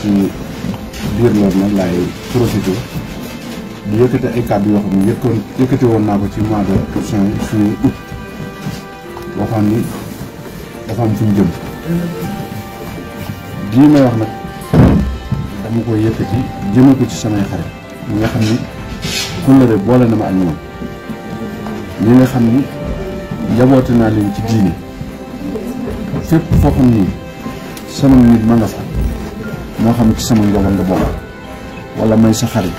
ci biir loolu nag laay profité di yëkkati ay kàddu yoo xam ne yëkkoon yëkkati woon naa ko ci mois de juin juillet août waxoon ni dafa am fu jëm lii may wax nag dama koy yëkkati jëme ko ci samay xarit ñi nga xam ni kóllëre boole na ma ak ñoom ñi nga xam ni njaboote naa leen ci diine fépp foo xam ni sama nit ma nga fa moo xam ci sama njaboot nga bokk wala may sa xarit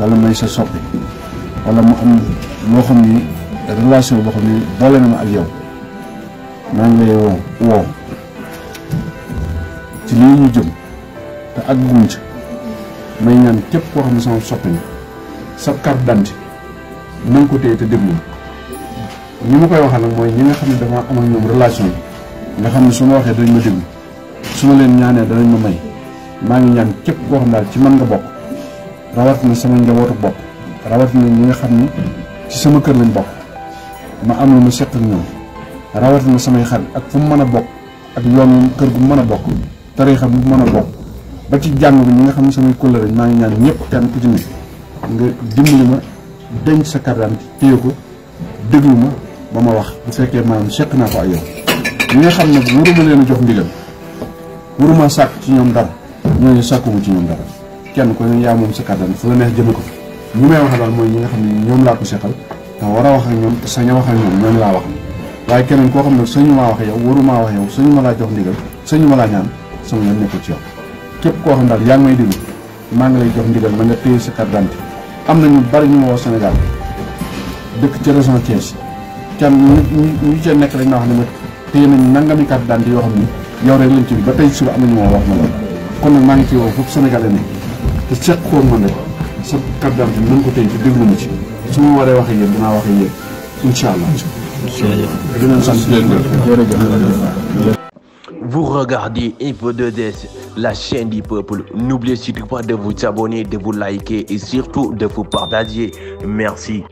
wala may sa soppi wala mu am loo xam ni relation boo xam ni boole na ma ak yow maa ngi lay woo woo ci lii ñu jëm te ak guñ ci may ñaan képp koo xam ne sama soppi na sa carte d'identité nañ ko téye te déglu ñi ma koy waxal na mooy ñi nga xam ne dama am ak ñoom relation bi nga xam ne su ma waxee dañ ma déglu su leen ñaanee danañ ma may. mangi ñaan képp ko xam ci man nga bok rawat ni sama ñawatu bok rawat ni ñi nga xamni ci sama kër lañ bok ma am lu ma ak ñoom rawat ni sama xal ak fu mëna bok a ak yoon kër bu mëna bok tariixa bu mëna bok ba ci jàng bi ñi nga xamni sama ko kóllëre mangi ngi ñaan ñepp tan ku ci nekk nga dimbali ma denc sa karam d'identité téye ko deglu ma ba ma wax bu fekkee maanaam seq na ko ay yow ñi nga xamni wuruma leen jox ndigal wuruma sàkk ci ñoom dara ñooñu sàkkuwu ci ñoom dara kenn ko yaa moom sa kàttan fu la neex jëme ko fi ñi may wax daal mooy ñi nga xam ne ñoom laa ko seqal te war a wax ak ñoom te sañ a wax ak ñoom ñoom laa wax waaye keneen koo xam ne sañu maa wax yow waru maa wax yow sañu ma laa jox ndigal sañu ma laa ñaan sama yoon nekkul ci yow képp koo xam daal yaa ngi may déglu maa ngi lay jox ndigal na nga téye sa carte d'identité am na ñu bari ñu ma woo Sénégal dëkk ci région Thiès kenn ñu ca nekk rek na wax ne ma téye nañ nangami carte d'identité yoo xam ne yow rek lañ ba tey suba am nañu ma kon nag maa ngi ci Sénégalais ne te seq xool ma rek sa carte d'identité bi nañ ko tey ci déglu ma ci su ma waree wax ak yéen dinaa wax ak Vous regardez Info 2S, la chaîne du peuple. N'oubliez surtout pas de vous abonner, de vous liker et surtout de vous partager. Merci.